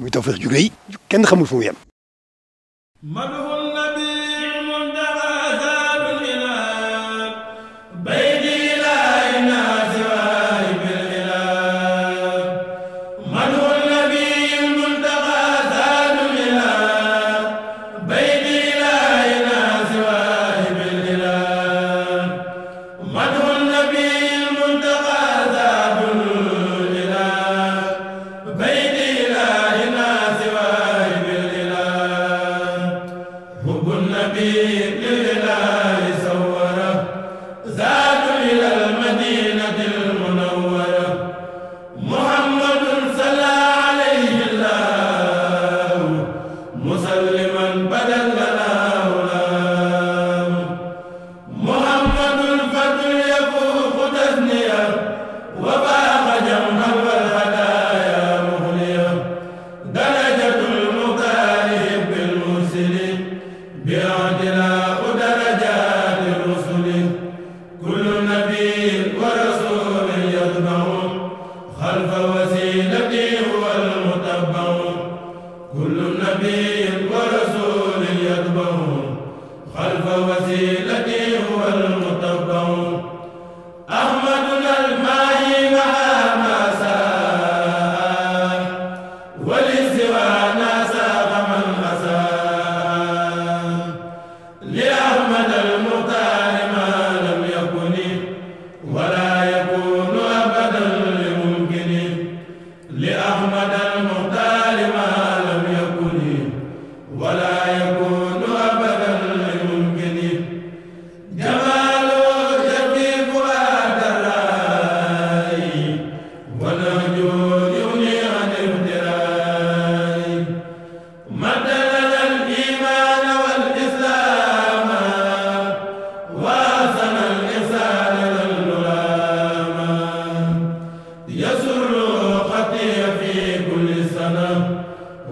muy Tawfekh ju rëy kenn xamul fu mu yem.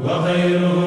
wa xayru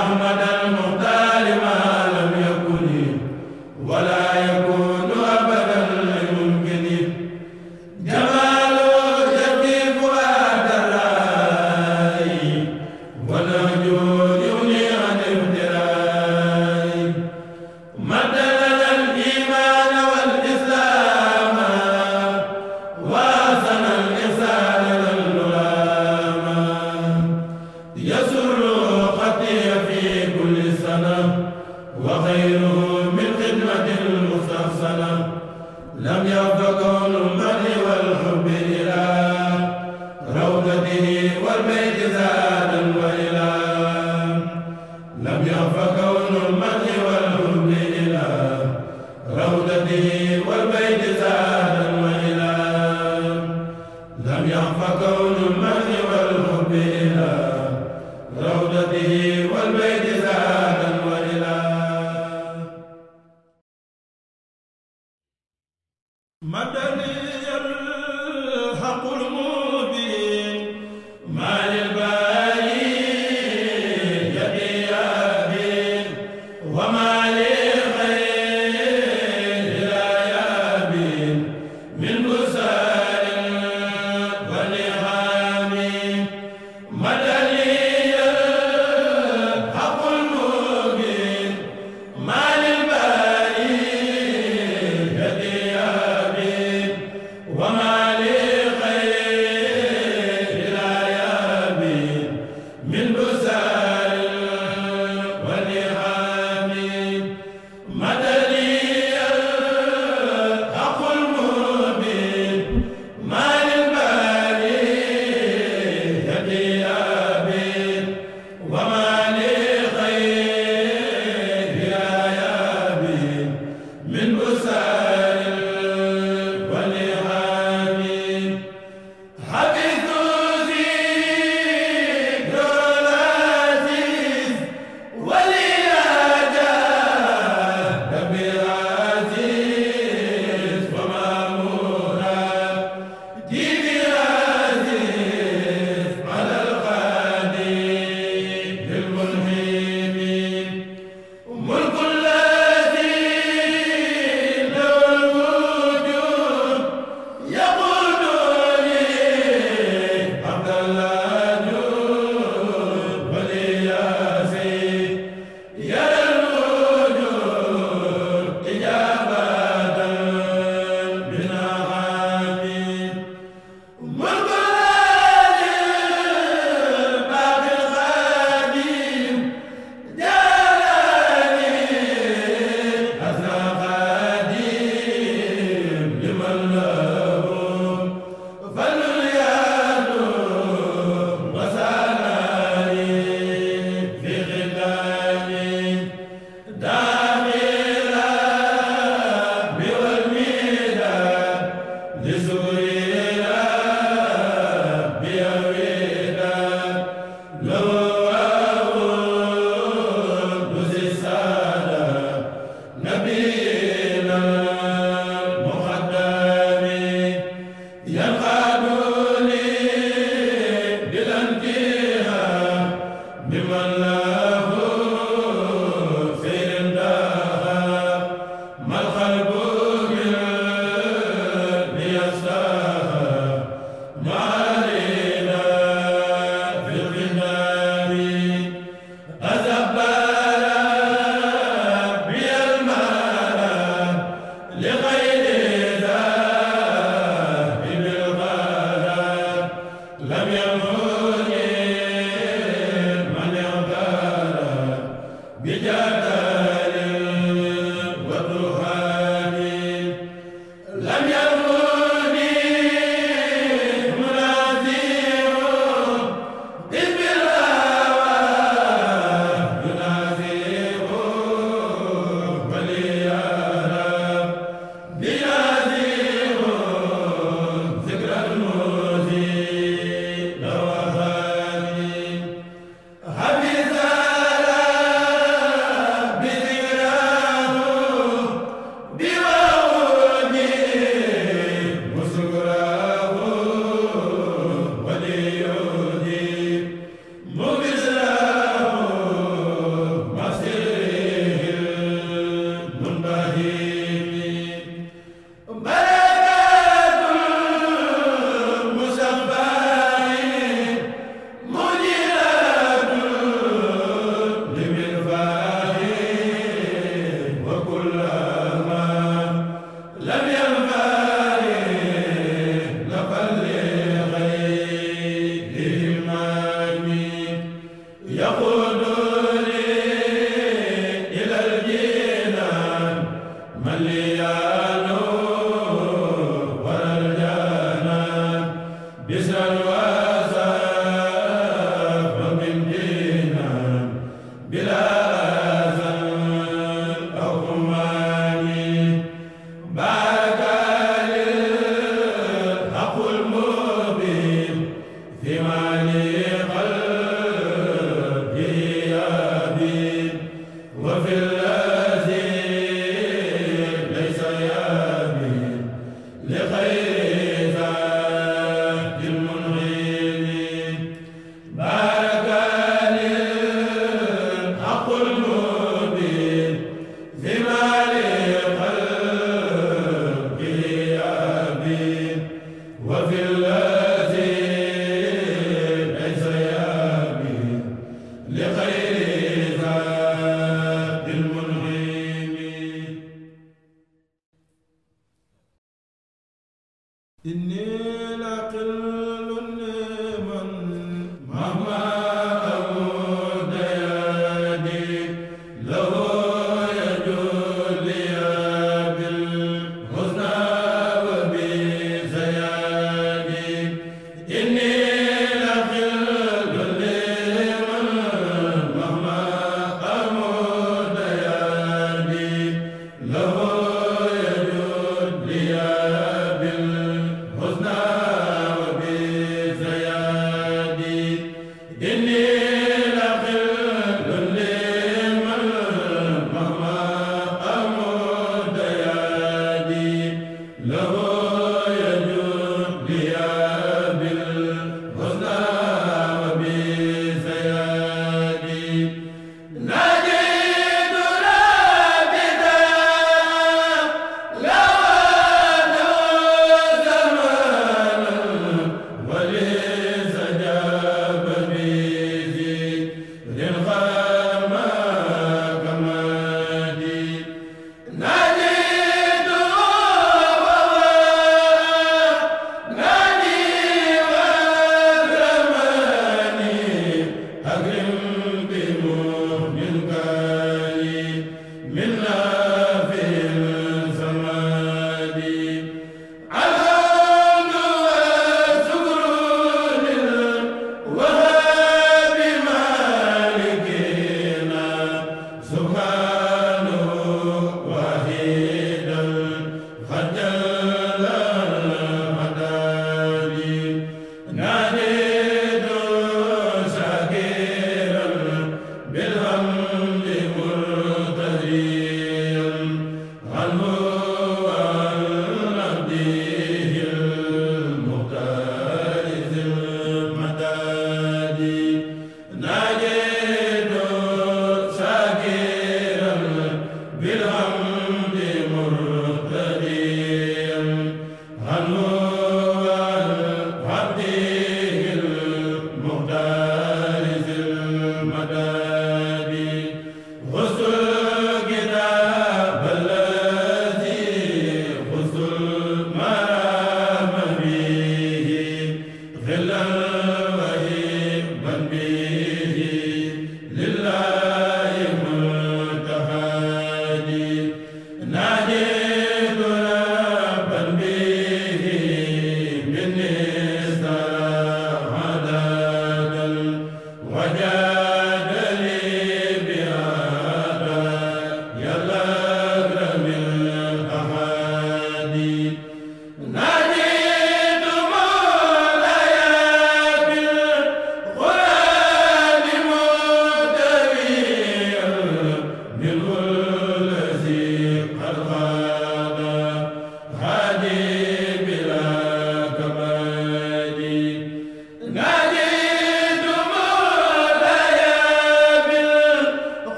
ahmad al muxtaar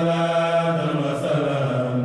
salaatan wa salaam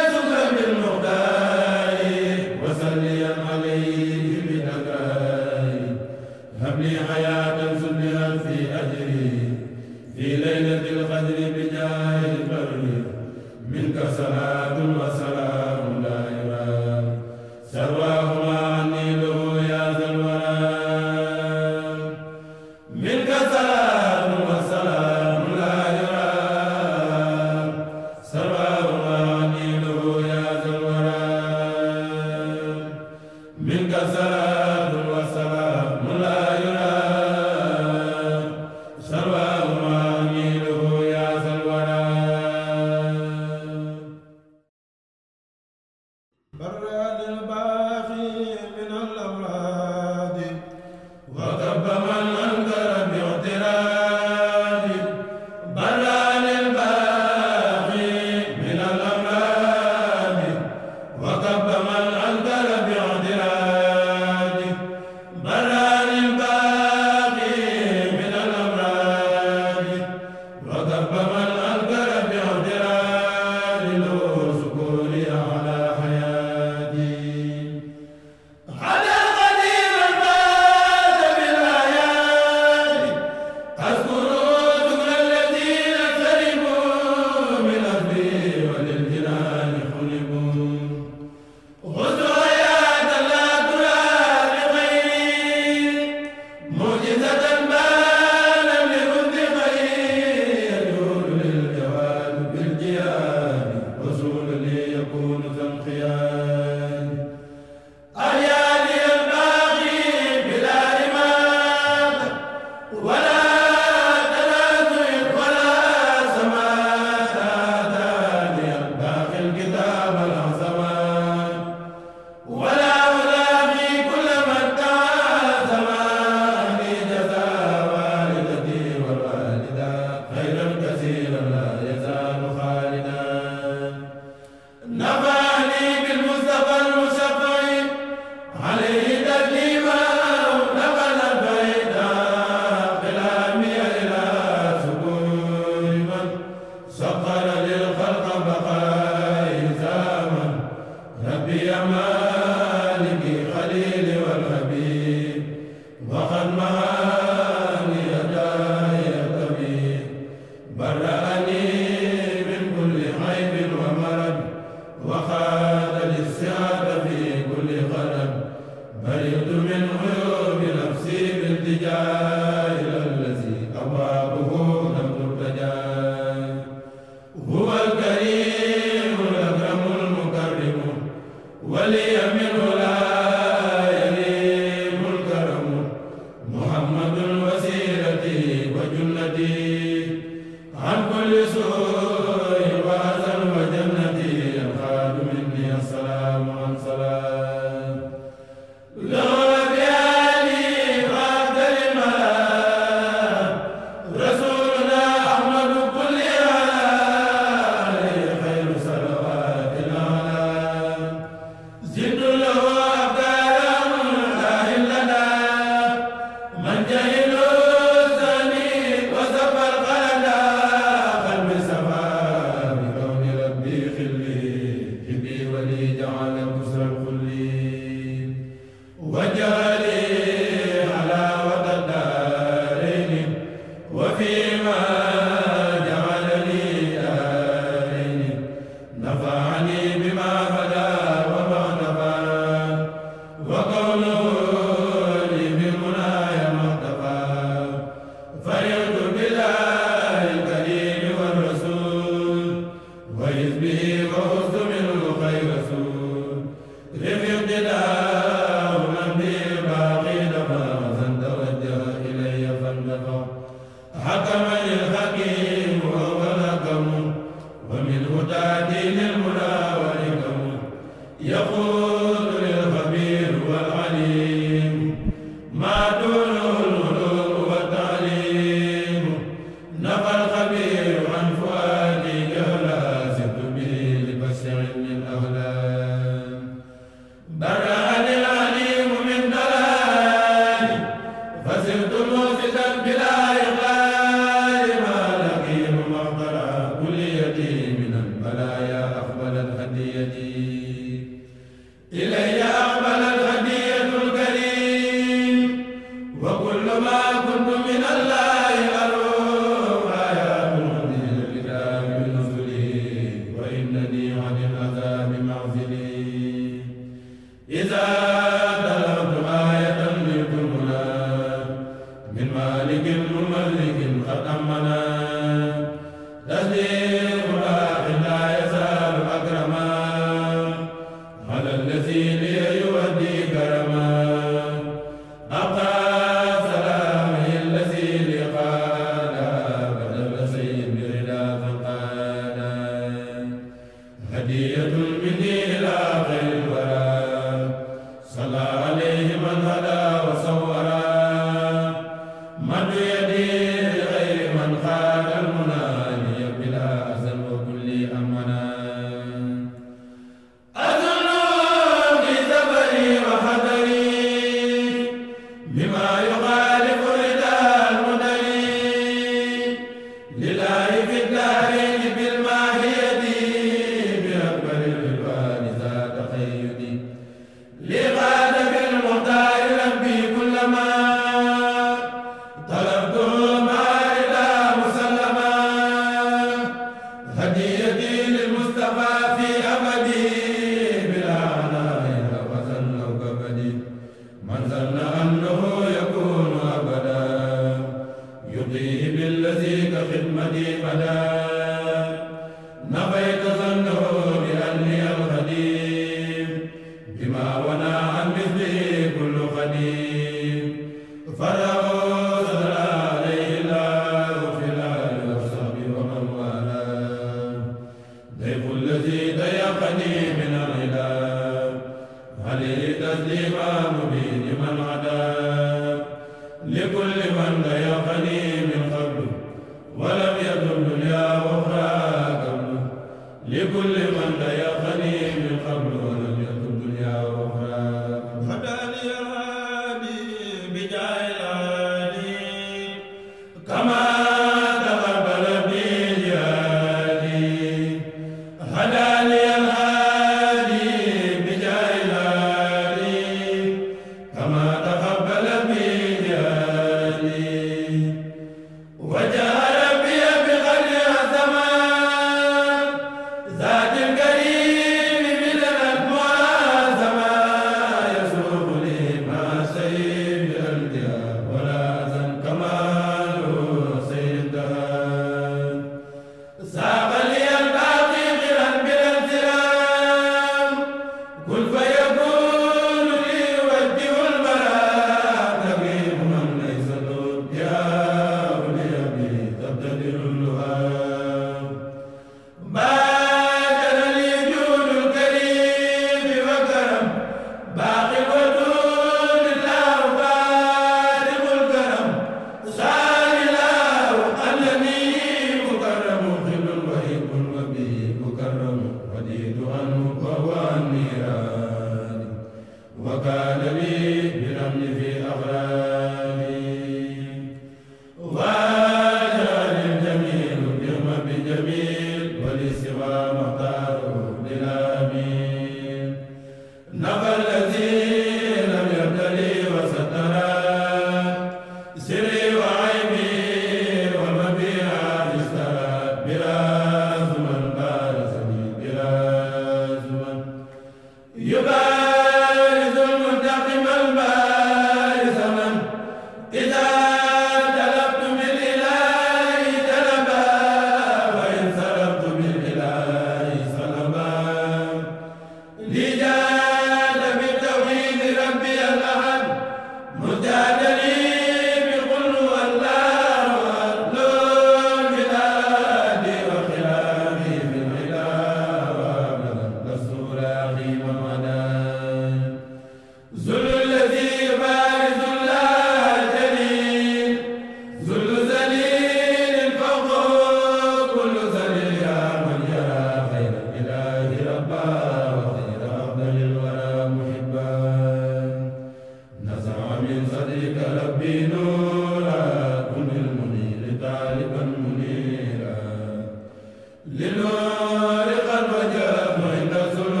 na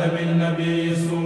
العالم النبي سوء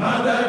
ma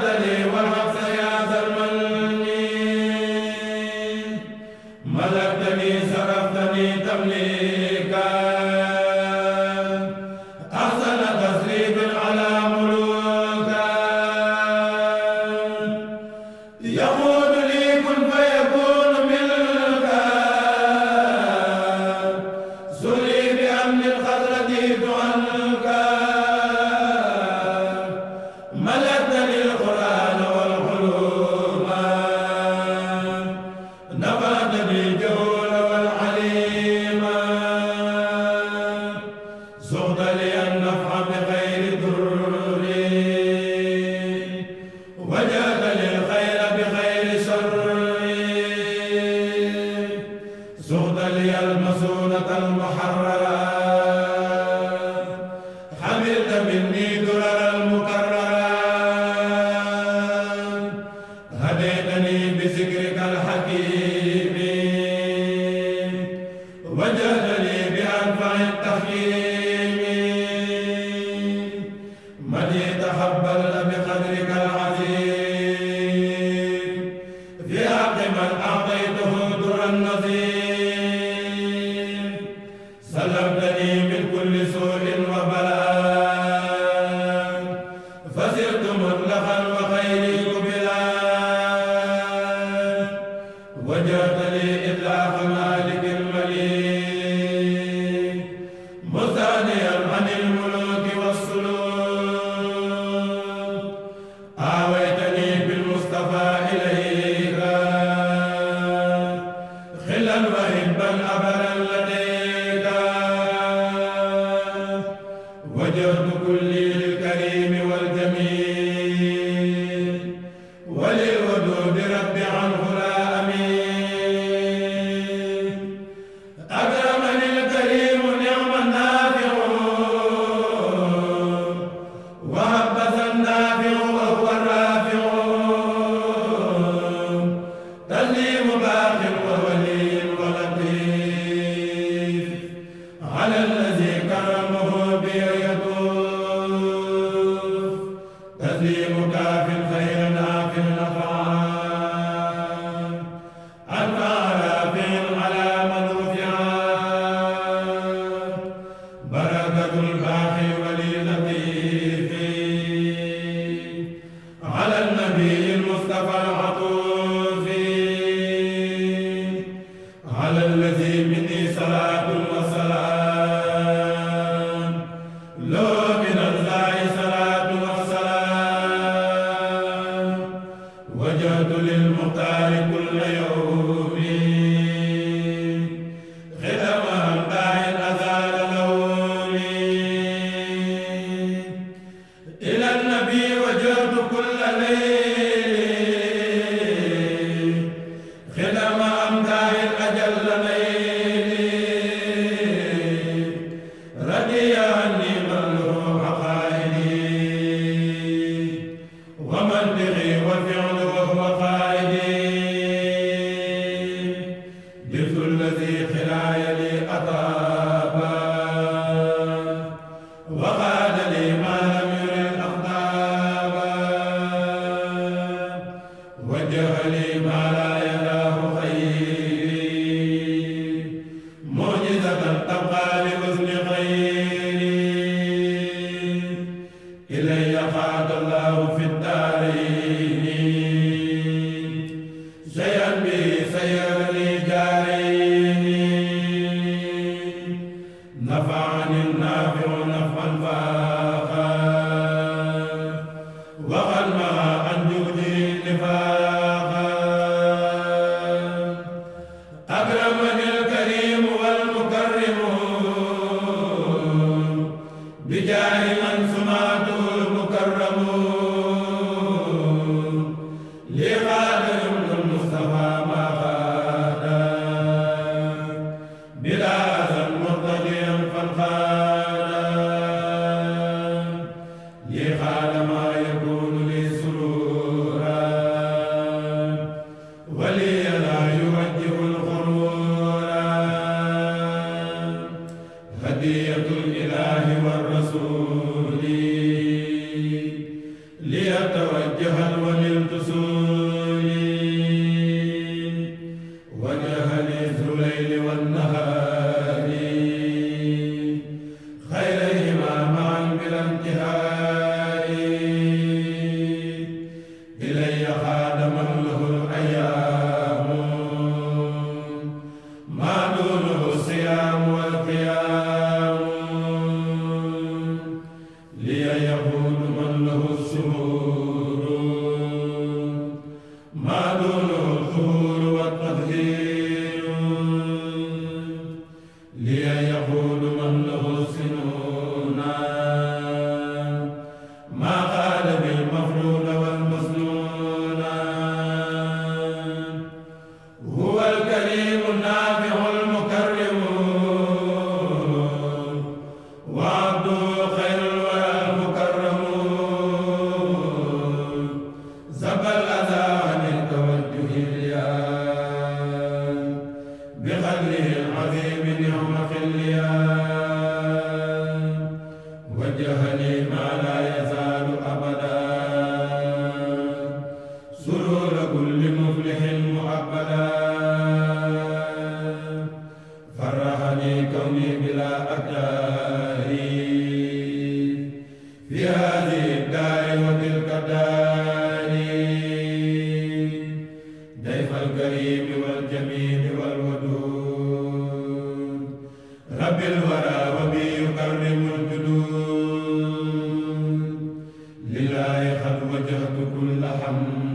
كل حمد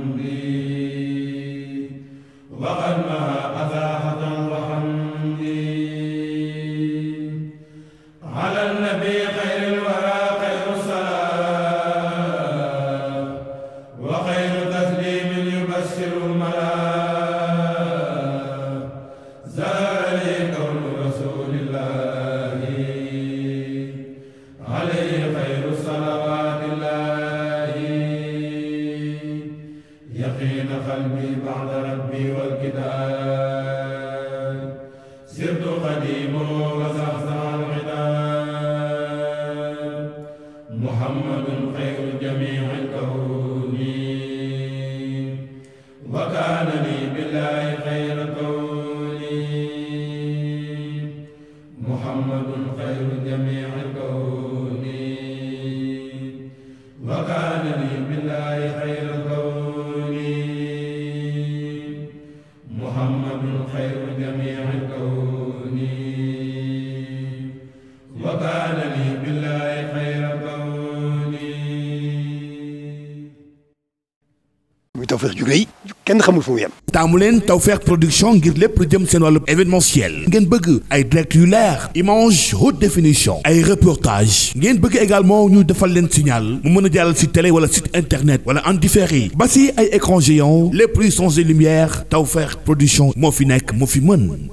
amul fu mu yem taamu leen Tawfekh production ngir lépp lu jëm seen wàllu événementiel ngeen bëgg ay direct yu leer image haute définition ay reportage ngeen bëgg également ñu defal leen signal mu mën a jàllal si télé wala site internet wala en différé ba si ay écran géant lépp luy son lumière Tawfekh production moo fi nekk moo fi mën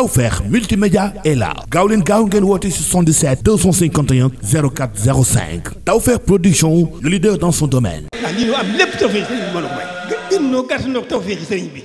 Tawfekh multimédia est là gaaw leen gaaw ngeen woote 77 production le leader dans son domaine. Ah, am lépp tawfeex sëriñ bi.